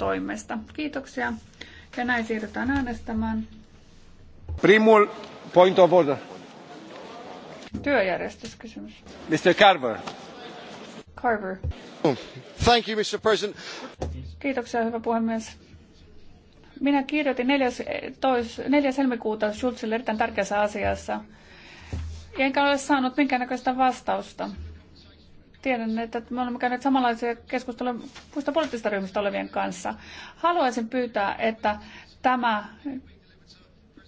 toimesta. Kiitoksia. Ja näin siirrytään äänestämään. Primul point of order. Työjärjestyskysymys. Mr. Carver. Carver. Thank you, Mr. President. Kiitoksia, hyvä puhemies. Minä kirjoitin 4. Tois, 4. helmikuuta Schulzille erittäin tärkeässä asiassa, enkä ole saanut minkäännäköistä vastausta. Tiedän, että me olemme käyneet samanlaisia keskusteluja muista poliittisista ryhmistä olevien kanssa. Haluaisin pyytää, että tämä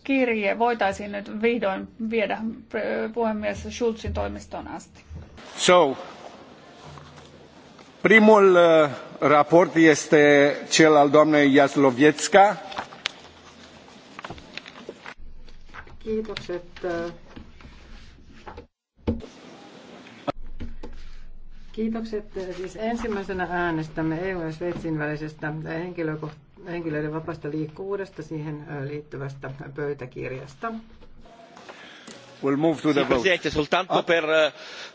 kirje voitaisiin nyt vihdoin viedä äh, puhemies Schulzin toimistoon asti. So, primul äh, raport este cel al doamnei Jaslovietska. Kiitokset äh, Kiitokset. Siis ensimmäisenä äänestämme EU- ja Sveitsin välisestä henkilöiden vapaasta liikkuvuudesta siihen liittyvästä pöytäkirjasta. We'll move to the Presidente, soltanto ah. per eh,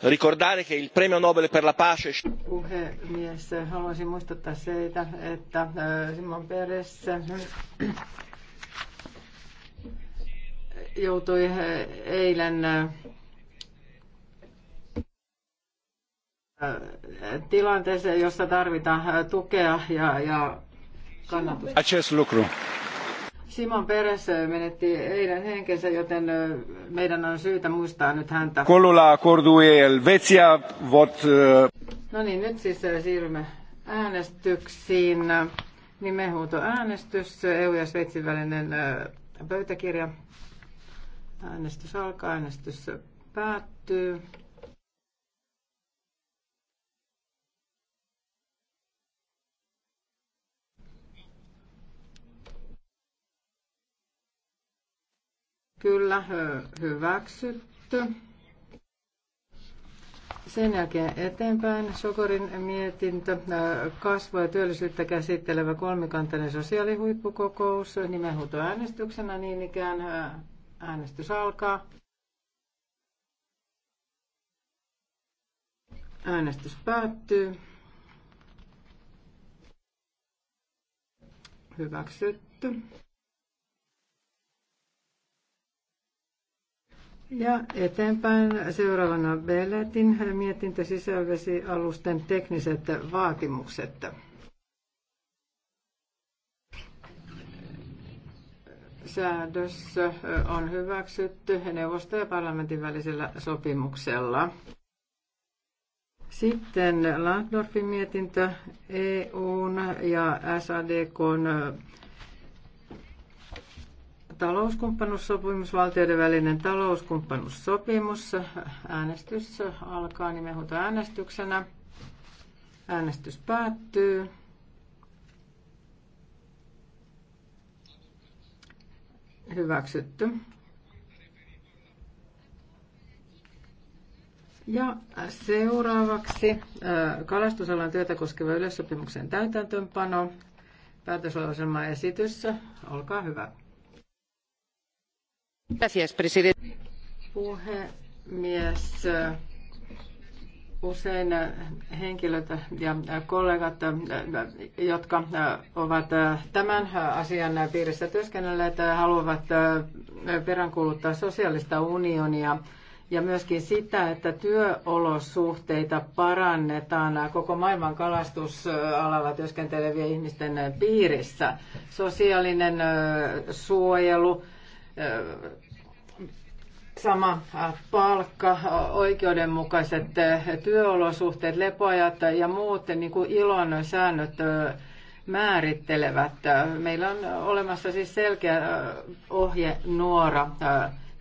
ricordare che il premio Nobel per la pace... Puhemies, haluaisin muistuttaa seitä, että Simon Peres joutui eilen tilanteeseen, jossa tarvitaan tukea ja, ja kannatusta. Simon Peres menetti eilen henkensä, joten meidän on syytä muistaa nyt häntä. Kolula accordui Elvetia vot... No niin, nyt siis siirrymme äänestyksiin. Nimehuuto äänestys, EU ja Sveitsin välinen pöytäkirja. Äänestys alkaa, äänestys päättyy. Kyllä, hyväksytty. Sen jälkeen eteenpäin Sokorin mietintö, kasvoja ja työllisyyttä käsittelevä kolmikantainen sosiaalihuippukokous, äänestyksenä, niin ikään äänestys alkaa. Äänestys päättyy. Hyväksytty. Ja eteenpäin seuraavana Belletin mietintö sisävesialusten tekniset vaatimukset. Säädös on hyväksytty neuvosto- ja parlamentin välisellä sopimuksella. Sitten Landorfin mietintö EUn ja SADKn talouskumppanuussopimus, valtioiden välinen talouskumppanuussopimus. Äänestys alkaa äänestyksenä. Äänestys päättyy. Hyväksytty. Ja seuraavaksi kalastusalan työtä koskeva yleissopimuksen täytäntöönpano. Päätöslauselma esitys. Olkaa hyvä. Puhemies, usein henkilöt ja kollegat, jotka ovat tämän asian piirissä työskennelleet, haluavat peräänkuuluttaa sosiaalista unionia ja myöskin sitä, että työolosuhteita parannetaan koko maailman kalastusalalla työskentelevien ihmisten piirissä. Sosiaalinen suojelu, sama palkka, oikeudenmukaiset työolosuhteet, lepoajat ja muut niin kuin ilon säännöt määrittelevät. Meillä on olemassa siis selkeä ohje nuora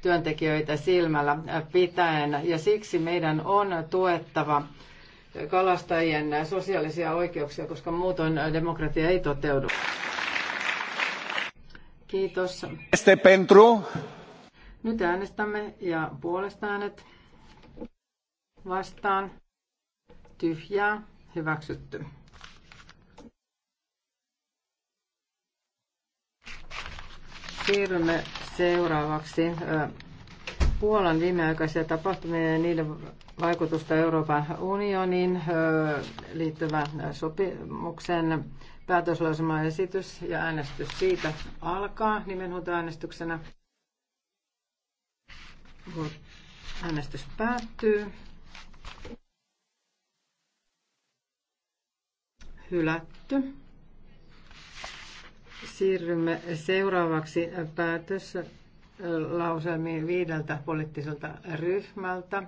työntekijöitä silmällä pitäen ja siksi meidän on tuettava kalastajien sosiaalisia oikeuksia, koska muutoin demokratia ei toteudu. Kiitos. Este pentru. Nyt äänestämme ja puolesta äänet vastaan. Tyhjää. Hyväksytty. Siirrymme seuraavaksi Puolan viimeaikaisia tapahtumia ja niiden vaikutusta Euroopan unionin liittyvän sopimuksen Päätöslausumaesitys ja äänestys siitä alkaa nimenhuutoäänestyksenä. Äänestys päättyy. Hylätty. Siirrymme seuraavaksi päätöslauselmiin viideltä poliittiselta ryhmältä.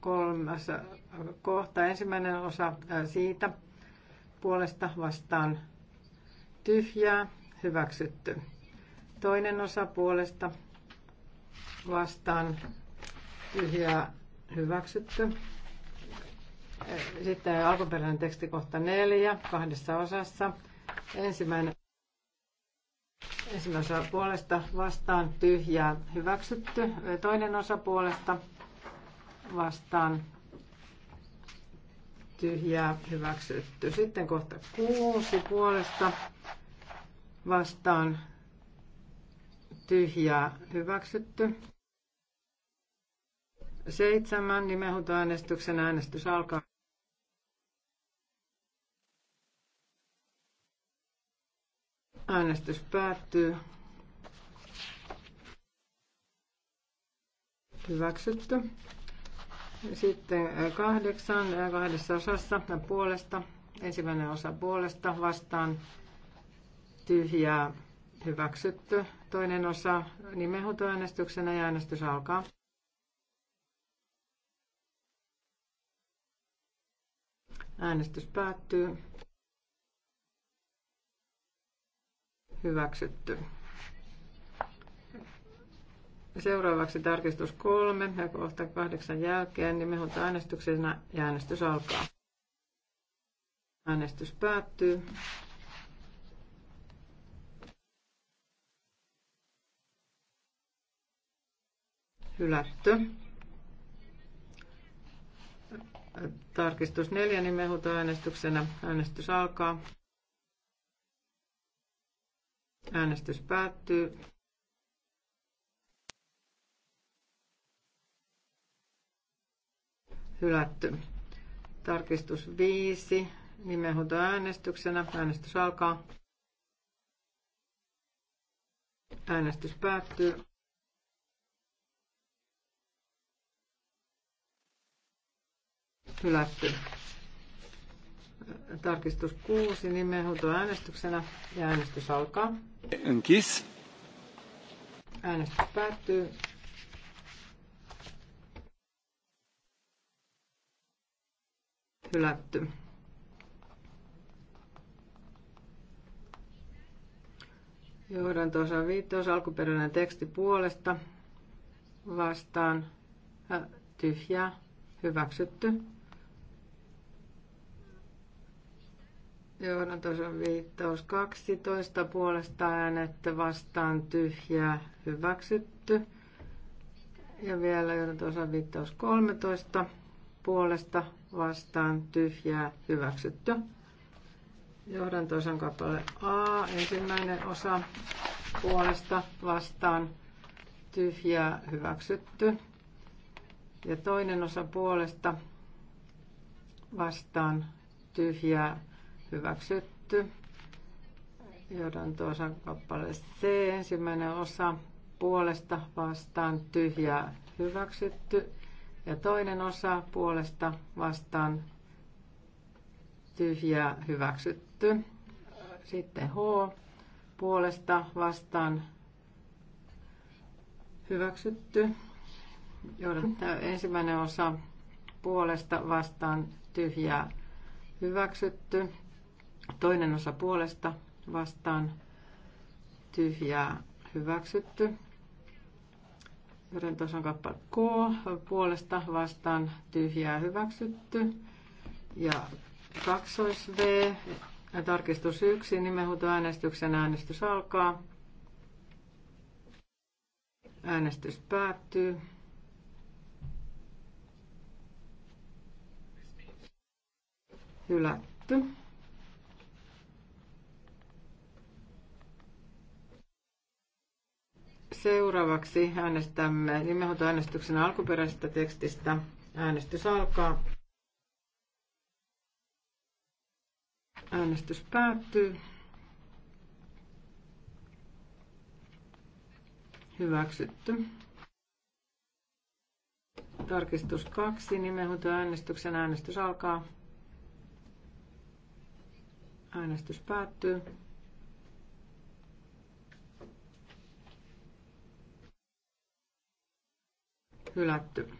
Kolmas kohta, ensimmäinen osa siitä puolesta vastaan tyhjää, hyväksytty. Toinen osa puolesta vastaan tyhjää, hyväksytty. Sitten alkuperäinen teksti kohta neljä, kahdessa osassa. Ensimmäinen, ensimmäinen osa puolesta vastaan tyhjää, hyväksytty. Toinen osa puolesta vastaan tyhjää hyväksytty. Sitten kohta kuusi puolesta vastaan tyhjää hyväksytty. Seitsemän nimenhuutoäänestyksen äänestys alkaa. Äänestys päättyy. Hyväksytty. Sitten kahdeksan kahdessa osassa puolesta. Ensimmäinen osa puolesta vastaan tyhjää hyväksytty. Toinen osa nimenhuutoäänestyksenä ja äänestys alkaa. Äänestys päättyy. Hyväksytty. Seuraavaksi tarkistus kolme ja kohta kahdeksan jälkeen niin halutaan äänestyksenä ja äänestys alkaa. Äänestys päättyy. Hylätty. Tarkistus neljä niin halutaan äänestyksenä. Äänestys alkaa. Äänestys päättyy. hylätty. Tarkistus 5 äänestyksenä. Äänestys alkaa. Äänestys päättyy. Hylätty. Tarkistus 6 äänestyksenä. ja äänestys alkaa. Kiss. Äänestys päättyy. hylätty. tuossa viittaus alkuperäinen teksti puolesta vastaan äh, tyhjää hyväksytty. tuossa viittaus 12 puolesta äänettä vastaan tyhjää hyväksytty. Ja vielä tuossa viittaus 13 puolesta vastaan tyhjää hyväksytty. Johdantosan kappale A, ensimmäinen osa puolesta vastaan tyhjää hyväksytty. Ja toinen osa puolesta vastaan tyhjää hyväksytty. Johdantosan kappale C, ensimmäinen osa puolesta vastaan tyhjää hyväksytty ja toinen osa puolesta vastaan tyhjää hyväksytty. Sitten H puolesta vastaan hyväksytty. Ensimmäinen osa puolesta vastaan tyhjää hyväksytty. Toinen osa puolesta vastaan tyhjää hyväksytty. Joten tuossa on kappale K, puolesta vastaan tyhjää hyväksytty. Ja kaksois V, tarkistus 1, nimenhuutoäänestyksen äänestys alkaa. Äänestys päättyy. Hylätty. Seuraavaksi äänestämme nimenhoitoäänestyksen alkuperäisestä tekstistä. Äänestys alkaa. Äänestys päättyy. Hyväksytty. Tarkistus 2. Nimenhuutoäänestyksen äänestys alkaa. Äänestys päättyy. hylätty.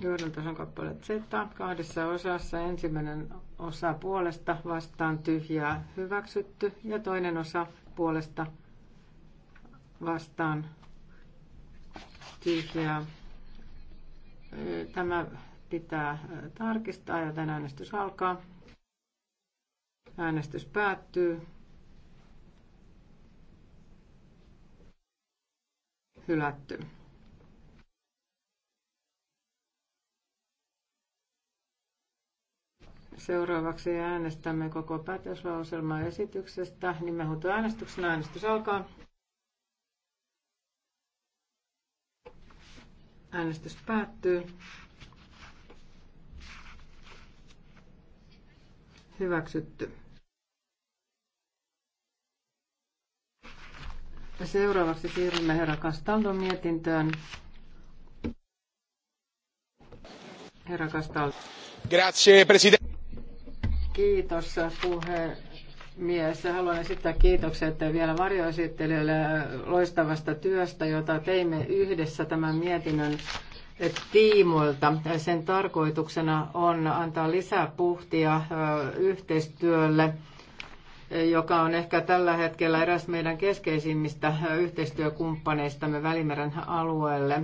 Johdantason kappale Z kahdessa osassa. Ensimmäinen osa puolesta vastaan tyhjää hyväksytty ja toinen osa puolesta vastaan tyhjää. Tämä pitää tarkistaa, joten äänestys alkaa. Äänestys päättyy. hylätty. Seuraavaksi äänestämme koko päätöslauselman esityksestä. äänestyksen äänestys alkaa. Äänestys päättyy. Hyväksytty. Seuraavaksi siirrymme herra Castaldon mietintöön. Herra Castaldo. Grazie, president. Kiitos puhemies. Haluan esittää kiitokset vielä varjoesittelijöille loistavasta työstä, jota teimme yhdessä tämän mietinnön tiimoilta. Sen tarkoituksena on antaa lisää puhtia yhteistyölle joka on ehkä tällä hetkellä eräs meidän keskeisimmistä yhteistyökumppaneistamme Välimeren alueelle.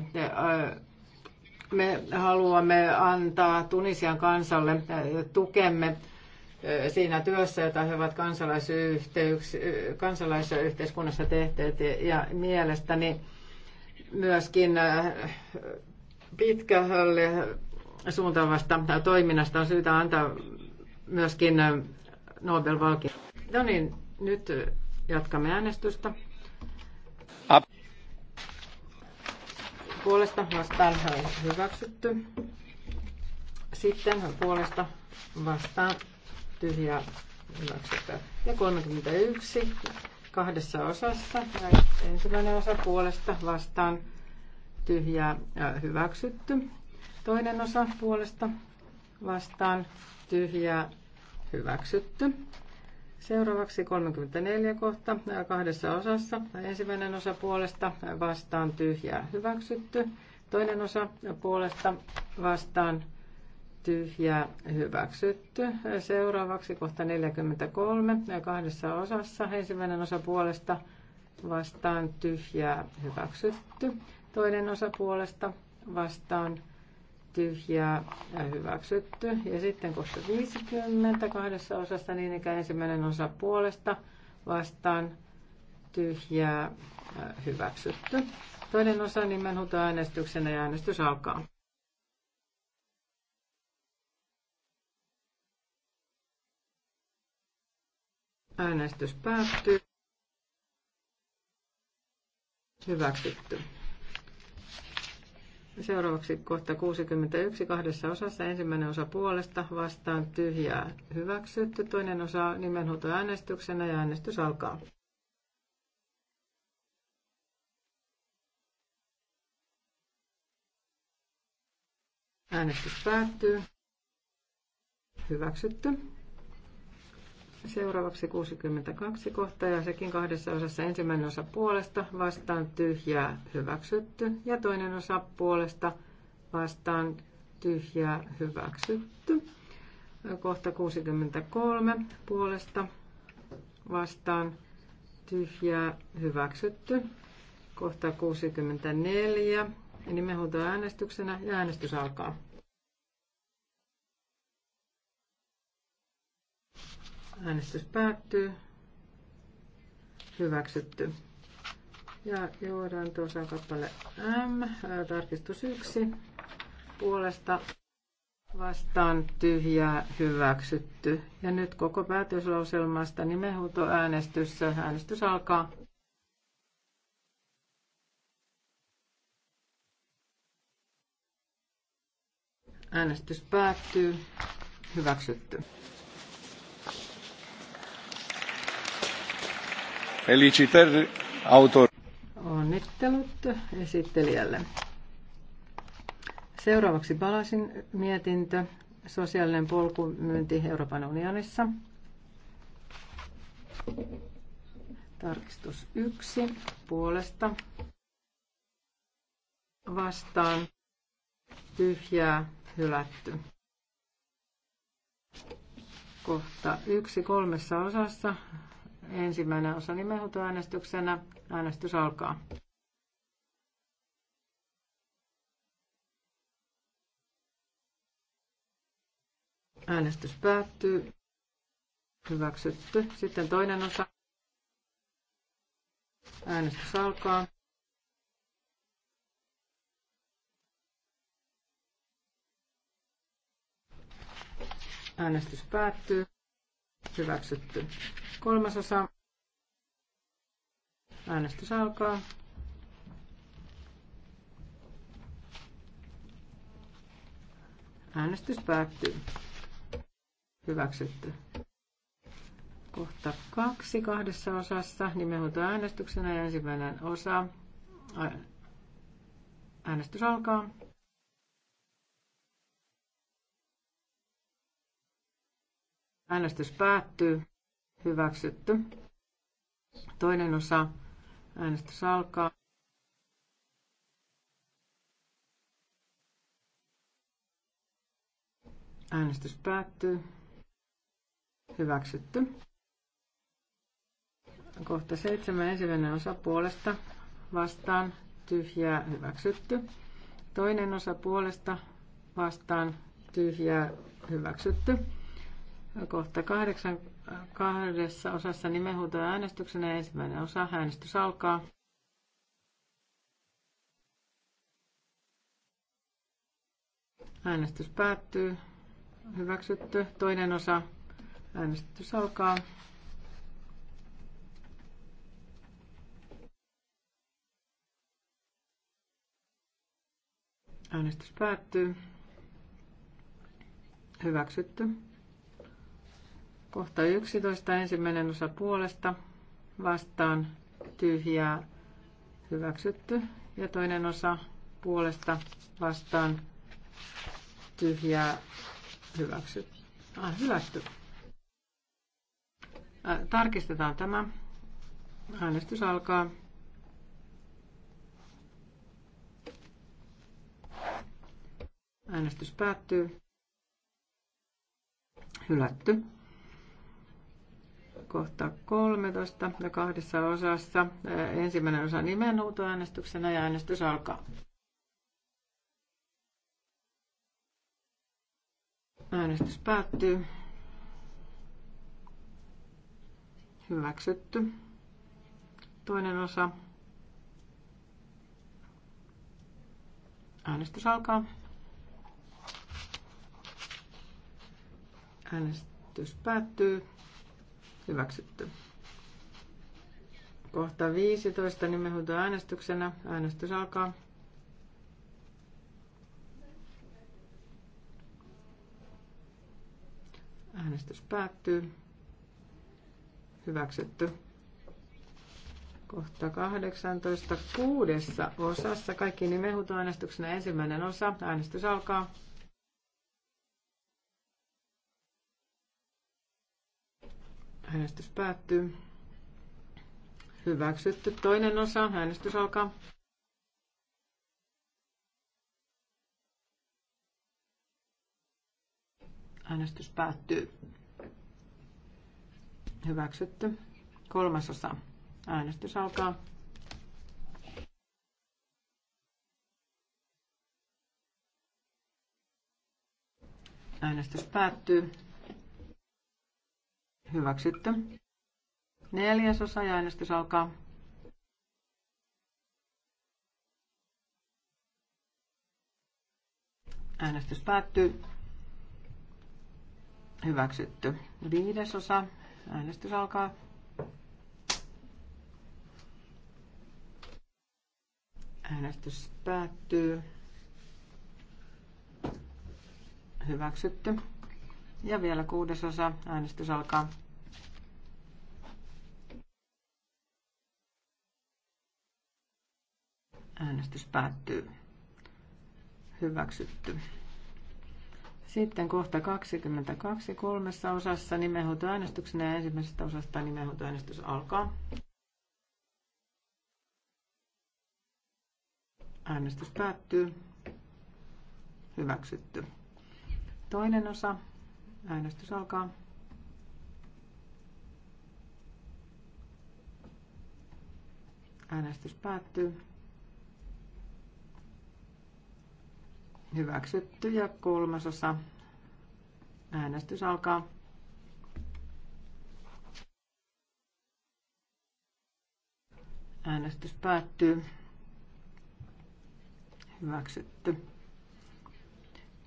Me haluamme antaa Tunisian kansalle tukemme siinä työssä, jota he ovat kansalaisyhteiskunnassa tehneet. Ja mielestäni myöskin pitkälle suuntaavasta toiminnasta on syytä antaa myöskin Nobel-valkinto. No niin, nyt jatkamme äänestystä. Ap- Puolesta vastaan hyväksytty. Sitten puolesta vastaan tyhjä hyväksytty. Ja 31 kahdessa osassa. Ensimmäinen osa puolesta vastaan tyhjää hyväksytty. Toinen osa puolesta vastaan tyhjää hyväksytty. Seuraavaksi 34 kohta kahdessa osassa. Ensimmäinen osa puolesta vastaan tyhjää hyväksytty. Toinen osa puolesta vastaan tyhjää hyväksytty. Seuraavaksi kohta 43 kahdessa osassa. Ensimmäinen osa puolesta vastaan tyhjää hyväksytty. Toinen osa puolesta vastaan tyhjää hyväksytty. Ja sitten kohta 50 kahdessa osassa, niin ikä ensimmäinen osa puolesta vastaan tyhjää hyväksytty. Toinen osa nimenhuuto äänestyksenä ja äänestys alkaa. Äänestys päättyy. Hyväksytty. Seuraavaksi kohta 61 kahdessa osassa. Ensimmäinen osa puolesta vastaan tyhjää hyväksytty. Toinen osa äänestyksenä ja äänestys alkaa. Äänestys päättyy. Hyväksytty. Seuraavaksi 62 kohta ja sekin kahdessa osassa ensimmäinen osa puolesta vastaan tyhjää hyväksytty ja toinen osa puolesta vastaan tyhjää hyväksytty. Kohta 63 puolesta vastaan tyhjää hyväksytty. Kohta 64 nimenhuutoäänestyksenä ja äänestys alkaa. Äänestys päättyy. Hyväksytty. Ja juodaan tuossa kappale M, tarkistus 1, puolesta vastaan tyhjää hyväksytty. Ja nyt koko päätöslauselmasta äänestys. Äänestys alkaa. Äänestys päättyy. Hyväksytty. Felicitări autor. Onnittelut esittelijälle. Seuraavaksi palasin mietintö sosiaalinen polkumyynti Euroopan unionissa. Tarkistus yksi puolesta vastaan tyhjää hylätty. Kohta yksi kolmessa osassa Ensimmäinen osa nimenhuutoäänestyksenä. Äänestys alkaa. Äänestys päättyy. Hyväksytty. Sitten toinen osa. Äänestys alkaa. Äänestys päättyy hyväksytty. Kolmas osa. Äänestys alkaa. Äänestys päättyy. Hyväksytty. Kohta kaksi kahdessa osassa. Nimenhuuto äänestyksenä ja ensimmäinen osa. Äänestys alkaa. Äänestys päättyy. Hyväksytty. Toinen osa. Äänestys alkaa. Äänestys päättyy. Hyväksytty. Kohta seitsemän ensimmäinen osa puolesta vastaan tyhjää hyväksytty. Toinen osa puolesta vastaan tyhjää hyväksytty. Kohta kahdeksan kahdessa osassa nimenhuutoja äänestyksenä ensimmäinen osa. Äänestys alkaa. Äänestys päättyy. Hyväksytty. Toinen osa. Äänestys alkaa. Äänestys päättyy. Hyväksytty. Kohta 11. Ensimmäinen osa puolesta vastaan tyhjää hyväksytty. Ja toinen osa puolesta vastaan tyhjää hyväksytty. Ah, hylätty. Tarkistetaan tämä. Äänestys alkaa. Äänestys päättyy. Hylätty kohta 13 ja kahdessa osassa. Ensimmäinen osa nimenhuutoäänestyksenä ja äänestys alkaa. Äänestys päättyy. Hyväksytty. Toinen osa. Äänestys alkaa. Äänestys päättyy. Hyväksytty. Kohta 15 nimenhuuto äänestyksenä. Äänestys alkaa. Äänestys päättyy. Hyväksytty. Kohta 18. Kuudessa osassa. Kaikki äänestyksenä ensimmäinen osa. Äänestys alkaa. Äänestys päättyy. Hyväksytty. Toinen osa. Äänestys alkaa. Äänestys päättyy. Hyväksytty. Kolmas osa. Äänestys alkaa. Äänestys päättyy. Hyväksytty. Neljäsosa ja äänestys alkaa. Äänestys päättyy. Hyväksytty. Viidesosa. Äänestys alkaa. Äänestys päättyy. Hyväksytty. Ja vielä kuudesosa. Äänestys alkaa. Äänestys päättyy. Hyväksytty. Sitten kohta 22 kolmessa osassa nimenhoitoäänestyksenä ja ensimmäisestä osasta nimenhoitoäänestys alkaa. Äänestys päättyy. Hyväksytty. Toinen osa. Äänestys alkaa. Äänestys päättyy. Hyväksytty ja kolmasosa. Äänestys alkaa. Äänestys päättyy. Hyväksytty.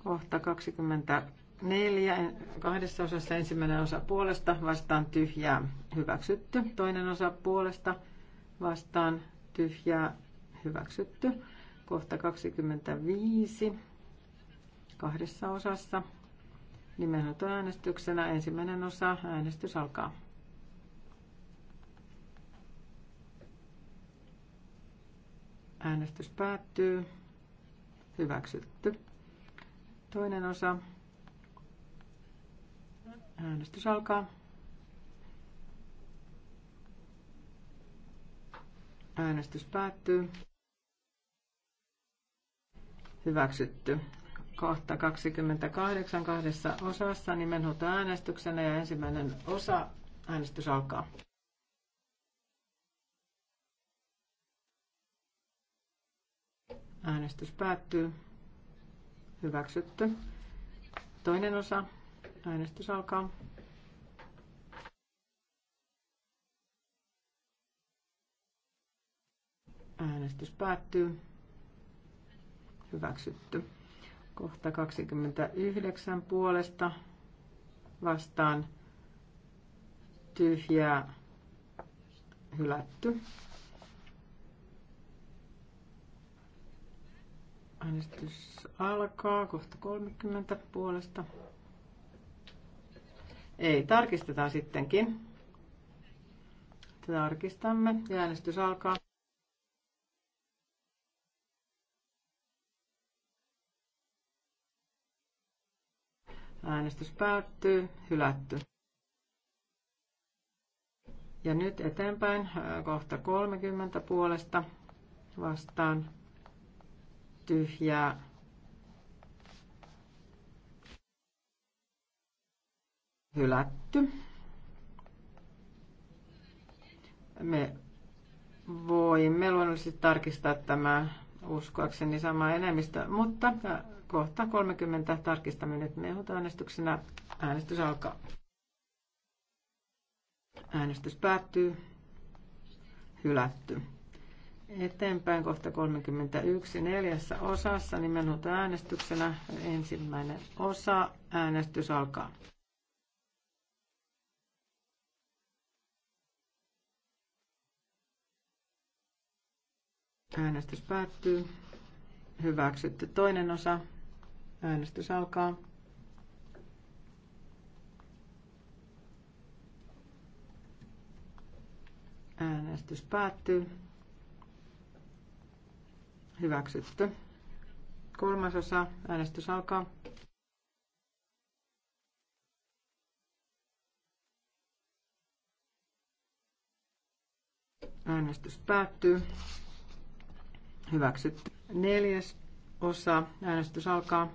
Kohta 24. Kahdessa osassa ensimmäinen osa puolesta vastaan tyhjää. Hyväksytty. Toinen osa puolesta vastaan tyhjää. Hyväksytty. Kohta 25 kahdessa osassa. Nimenhoitoäänestyksenä ensimmäinen osa. Äänestys alkaa. Äänestys päättyy. Hyväksytty. Toinen osa. Äänestys alkaa. Äänestys päättyy. Hyväksytty kohta 28 kahdessa osassa nimenhuuto äänestyksenä ja ensimmäinen osa äänestys alkaa. Äänestys päättyy. Hyväksytty. Toinen osa. Äänestys alkaa. Äänestys päättyy. Hyväksytty. Kohta 29 puolesta vastaan tyhjää hylätty. Äänestys alkaa kohta 30 puolesta. Ei, tarkistetaan sittenkin. Tarkistamme ja äänestys alkaa. Äänestys päättyy. Hylätty. Ja nyt eteenpäin äh, kohta 30 puolesta vastaan tyhjää. Hylätty. Me voimme luonnollisesti tarkistaa tämä uskoakseni sama enemmistö, mutta äh, Kohta 30 tarkistamme nyt mehutaäänestyksenä. Äänestys alkaa. Äänestys päättyy. Hylätty. Eteenpäin kohta 31 neljässä osassa nimenhuuto äänestyksenä. Ensimmäinen osa. Äänestys alkaa. Äänestys päättyy. Hyväksytty toinen osa. Äänestys alkaa. Äänestys päättyy. Hyväksytty. Kolmas osa. Äänestys alkaa. Äänestys päättyy. Hyväksytty. Neljäs osa. Äänestys alkaa.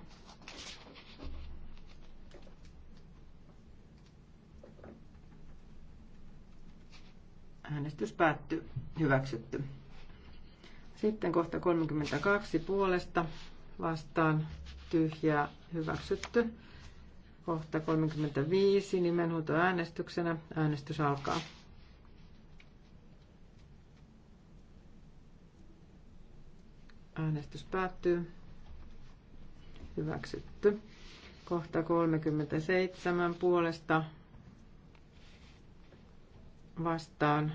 Äänestys päättyy. Hyväksytty. Sitten kohta 32 puolesta vastaan tyhjää hyväksytty. Kohta 35 nimenhuutoäänestyksenä. Äänestys alkaa. Äänestys päättyy. Hyväksytty. Kohta 37 puolesta vastaan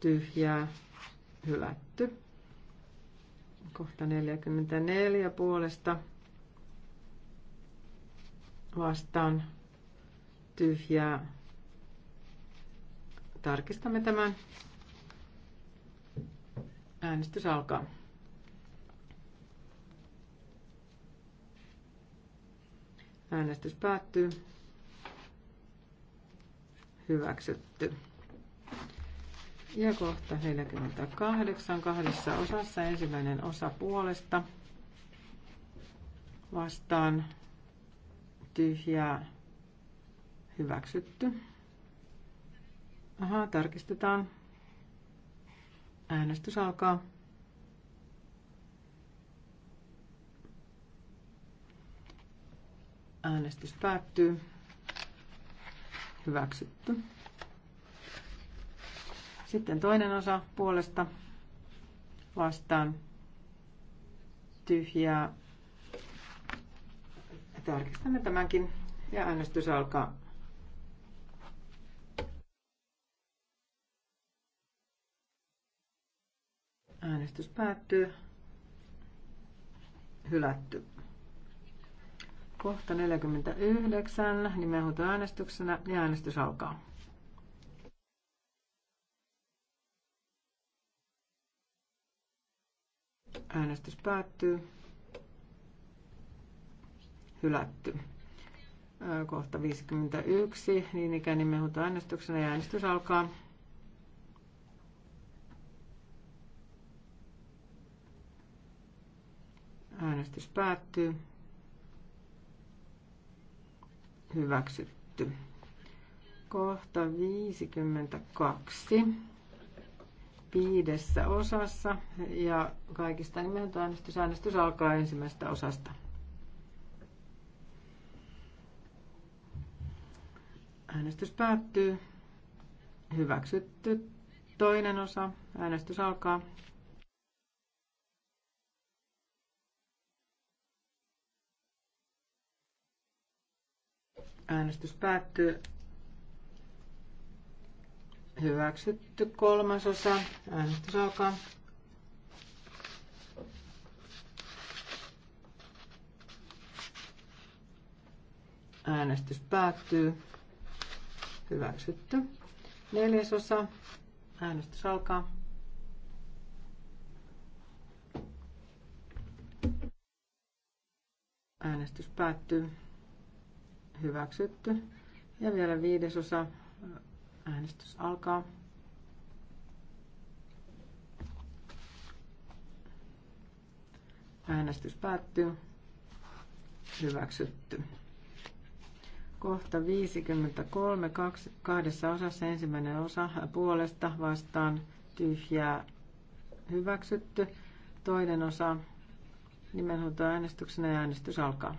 tyhjää hylätty. Kohta 44 puolesta vastaan tyhjää. Tarkistamme tämän. Äänestys alkaa. Äänestys päättyy. Hyväksytty. Ja kohta 48 kahdessa osassa. Ensimmäinen osa puolesta. Vastaan tyhjää hyväksytty. Ahaa, tarkistetaan. Äänestys alkaa. Äänestys päättyy. Hyväksytty. Sitten toinen osa puolesta vastaan tyhjää. Tarkistamme tämänkin ja äänestys alkaa. Äänestys päättyy. Hylätty kohta 49 nimenhuutoäänestyksenä ja äänestys alkaa. Äänestys päättyy. Hylätty. Kohta 51, niin ikään nimenhuutoäänestyksenä ja äänestys alkaa. Äänestys päättyy hyväksytty. Kohta 52 viidessä osassa ja kaikista nimeltä äänestys. Äänestys alkaa ensimmäisestä osasta. Äänestys päättyy. Hyväksytty toinen osa. Äänestys alkaa. Äänestys päättyy. Hyväksytty kolmasosa. Äänestys alkaa. Äänestys päättyy. Hyväksytty. Neljäsosa. Äänestys alkaa. Äänestys päättyy hyväksytty. Ja vielä viidesosa. Äänestys alkaa. Äänestys päättyy. Hyväksytty. Kohta 53, kaksi, kahdessa osassa ensimmäinen osa puolesta vastaan tyhjää hyväksytty. Toinen osa nimenhuutoäänestyksenä ja äänestys alkaa.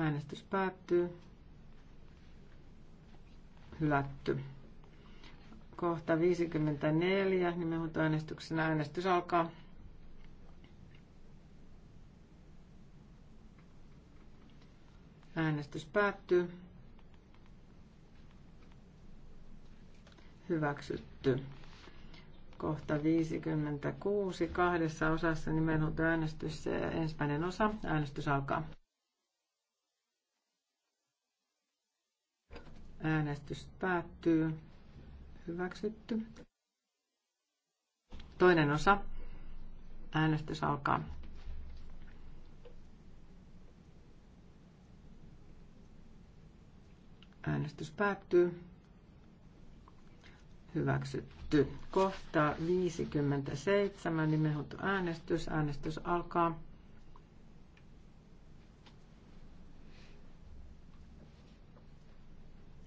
Äänestys päättyy. Hylätty. Kohta 54. Nimenhuutoäänestyksen äänestys alkaa. Äänestys päättyy. Hyväksytty. Kohta 56. Kahdessa osassa nimenhuutoäänestys. Ensimmäinen osa. Äänestys alkaa. Äänestys päättyy. Hyväksytty. Toinen osa. Äänestys alkaa. Äänestys päättyy. Hyväksytty. Kohta 57 nimenhuuto äänestys. Äänestys alkaa.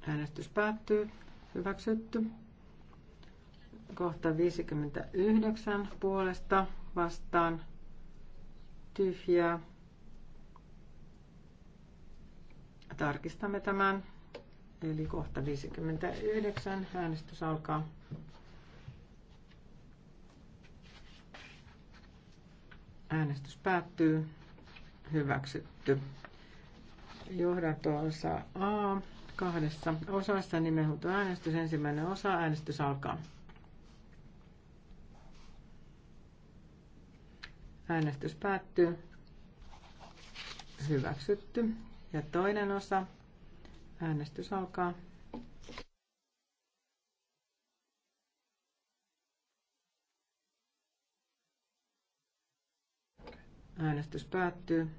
Äänestys päättyy. Hyväksytty. Kohta 59 puolesta vastaan tyhjää. Tarkistamme tämän. Eli kohta 59 äänestys alkaa. Äänestys päättyy. Hyväksytty. Johdanto A kahdessa osassa äänestys Ensimmäinen osa, äänestys alkaa. Äänestys päättyy. Hyväksytty. Ja toinen osa, äänestys alkaa. Äänestys päättyy.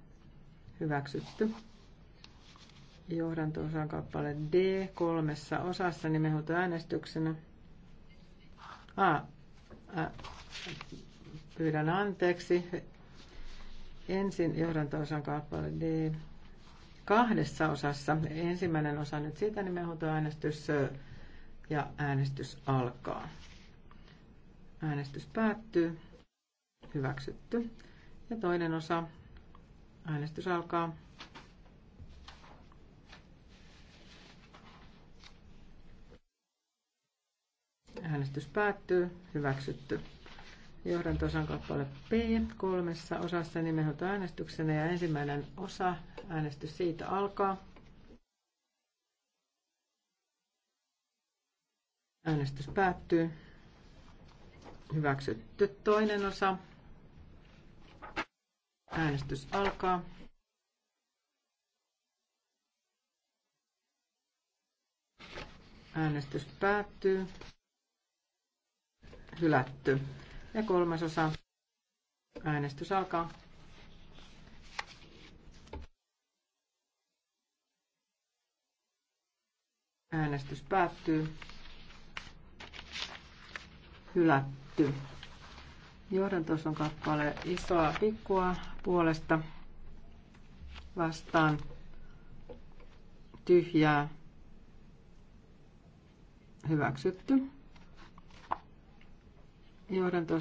Hyväksytty johdanto-osan kappale D kolmessa osassa nimenhuutoäänestyksenä. A. Ä, pyydän anteeksi. Ensin johdanto-osan kappale D kahdessa osassa. Ensimmäinen osa nyt siitä nimenhuutoäänestys ja äänestys alkaa. Äänestys päättyy. Hyväksytty. Ja toinen osa. Äänestys alkaa. Äänestys päättyy. Hyväksytty. Johdantosan kappale P kolmessa osassa äänestyksenä ja ensimmäinen osa. Äänestys siitä alkaa. Äänestys päättyy. Hyväksytty toinen osa. Äänestys alkaa. Äänestys päättyy hylätty. Ja kolmasosa. Äänestys alkaa. Äänestys päättyy. Hylätty. tuossa on kappale isoa pikkua puolesta vastaan tyhjää hyväksytty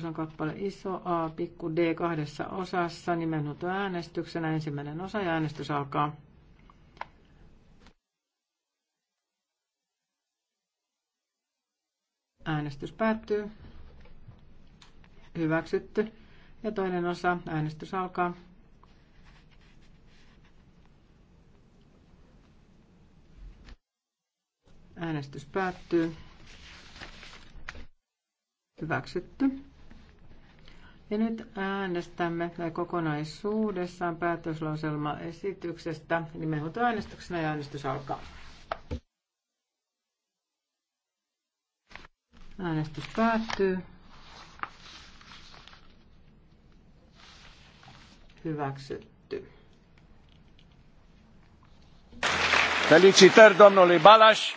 on kappale iso A, pikku D kahdessa osassa, nimenhuuto äänestyksenä. Ensimmäinen osa ja äänestys alkaa. Äänestys päättyy. Hyväksytty. Ja toinen osa, äänestys alkaa. Äänestys päättyy. Hyväksytty. Ja nyt äänestämme kokonaisuudessaan päätöslauselmaesityksestä. Nimenhuutoäänestyksenä ja äänestys alkaa. Äänestys päättyy. Hyväksytty. Felicitări donnoli Balas.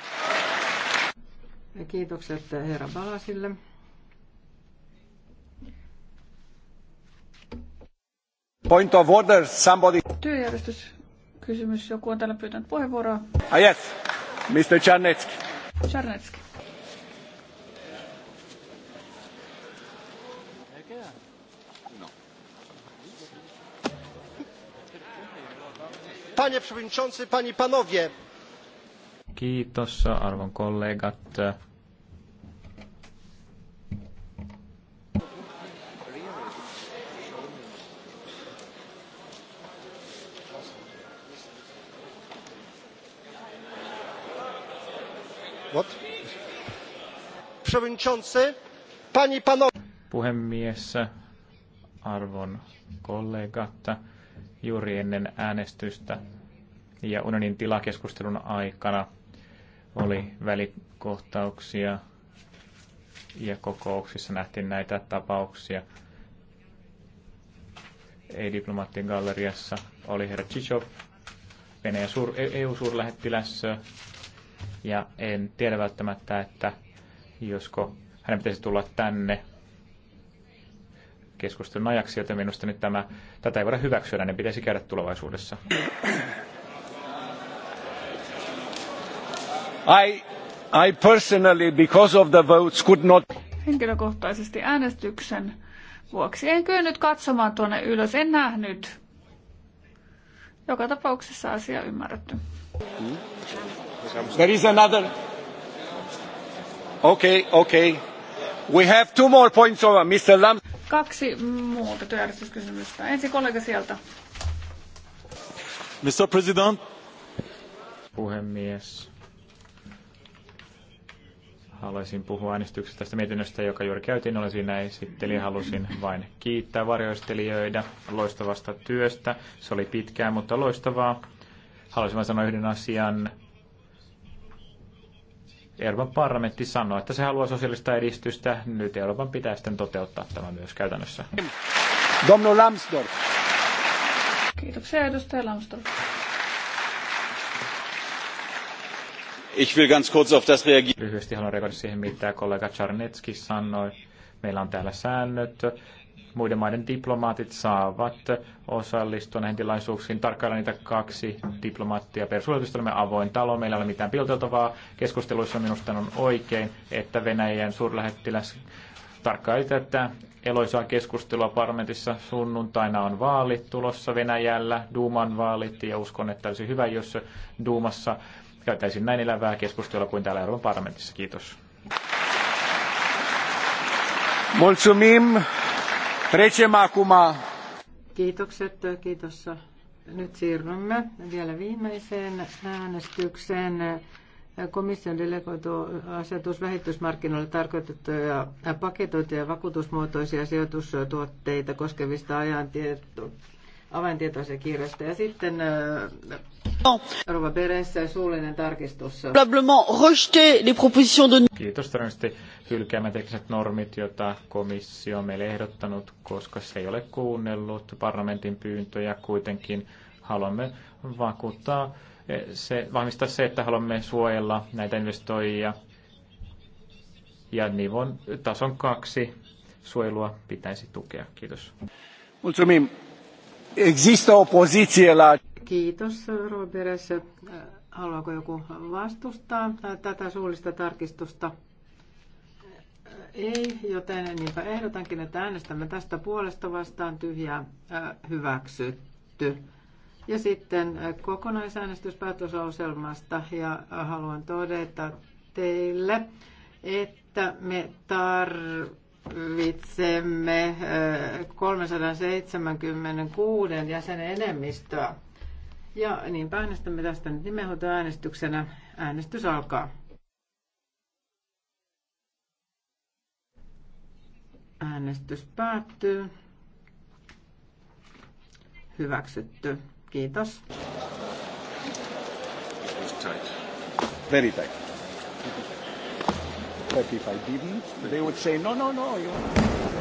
Kiitokset herra Balasille. Point of order, somebody... Työjärjestys. Kysymys. Joku on täällä pyytänyt puheenvuoroa. Ah, yes. Mr. Czarnecki. Czarnecki. Panie przewodniczący, panie panowie. Kiitos arvon kollegat. przewodniczący, panie i panowie. Puhemies, arvon kollegat, juuri ennen äänestystä ja unionin tilakeskustelun aikana oli välikohtauksia ja kokouksissa nähtiin näitä tapauksia. Ei-diplomaattien galleriassa oli herra Chichov, Venäjän suur, EU-suurlähettiläs, e ja en tiedä välttämättä, että josko hänen pitäisi tulla tänne keskustelun ajaksi, joten minusta nyt tämä, tätä ei voida hyväksyä, ne pitäisi käydä tulevaisuudessa. I, I personally, because of the votes, could not... Henkilökohtaisesti äänestyksen vuoksi en kyennyt katsomaan tuonne ylös, en nähnyt. Joka tapauksessa asia ymmärretty. There is another Okay, okay. We have two more points over, Mr. Lam. Kaksi muuta työjärjestyskysymystä. Ensin kollega sieltä. Mr. President. Puhemies. Haluaisin puhua äänestyksestä tästä mietinnöstä, joka juuri käytiin. Olen siinä ja Halusin vain kiittää varjoistelijoita loistavasta työstä. Se oli pitkää, mutta loistavaa. Haluaisin vain sanoa yhden asian Euroopan parlamentti sanoo, että se haluaa sosiaalista edistystä. Nyt Euroopan pitää sitten toteuttaa tämä myös käytännössä. Domno Lambsdorff. Kiitoksia edustaja Lambsdorff. Ich will ganz kurz auf das reagieren. Lyhyesti haluan reagoida siihen, mitä kollega Czarnetski sanoi. Meillä on täällä säännöt, muiden maiden diplomaatit saavat osallistua näihin tilaisuuksiin, tarkkailla niitä kaksi diplomaattia per suljetusta. avoin talo, meillä ei ole mitään piilteltavaa. Keskusteluissa minusta on oikein, että Venäjän suurlähettiläs tarkkaili tätä eloisaa keskustelua parlamentissa. Sunnuntaina on vaalit tulossa Venäjällä, Duuman vaalit, ja uskon, että olisi hyvä, jos Duumassa käytäisiin näin elävää keskustelua kuin täällä Euroopan parlamentissa. Kiitos. Mulțumim. Trecem acum. Kiitokset, kiitos. Nyt siirrymme vielä viimeiseen äänestykseen. Komission delegoitu asetus vähittysmarkkinoille tarkoitettuja paketoituja vakuutusmuotoisia sijoitustuotteita koskevista ajantietoista avaintietoisia kirjasta. Ja sitten Rova ja suullinen tarkistus. Kiitos todennäköisesti hylkäämään tekniset normit, joita komissio on meille ehdottanut, koska se ei ole kuunnellut parlamentin pyyntöjä. Kuitenkin haluamme vakuuttaa eh, se, vahvistaa se, että haluamme suojella näitä investoijia. Ja nivon tason kaksi suojelua pitäisi tukea. Kiitos. Mulțumim. Există poziție la... Kiitos, Roberes. Haluaako joku vastustaa tätä suullista tarkistusta? Ei, joten niinpä ehdotankin, että äänestämme tästä puolesta vastaan tyhjää hyväksytty. Ja sitten kokonaisäänestys ja haluan todeta teille, että me tarvitsemme tarvitsemme 376 eh, jäsenen enemmistöä. Ja niin äänestämme tästä nyt nimenhoitoäänestyksenä. Äänestys alkaa. Äänestys päättyy. Hyväksytty. Kiitos. Very tight happy if I didn't. They would say, no, no, no. You...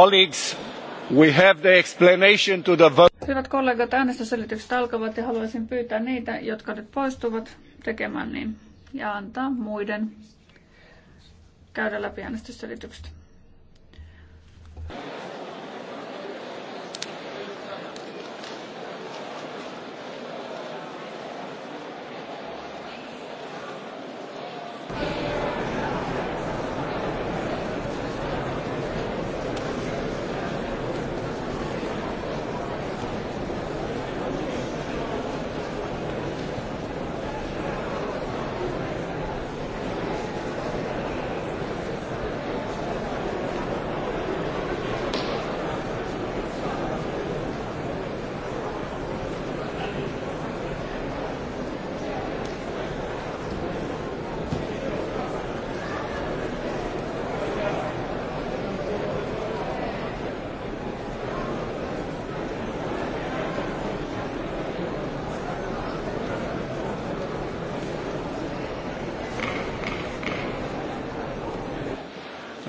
Colleagues, we have the explanation to the Hyvät kollegat, äänestysselitykset alkavat ja haluaisin pyytää niitä, jotka nyt poistuvat, tekemään niin ja antaa muiden käydä läpi äänestysselitykset.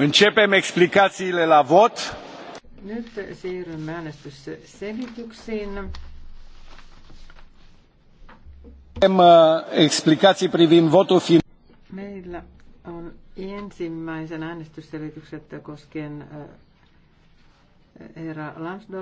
Începem explicațiile la vot. Nyt siirrymme äänestysselityksiin. Uh, explicații privind votul final. Meillä on ensimmäisen äänestysselitykset koskien uh, herra Lansdorf.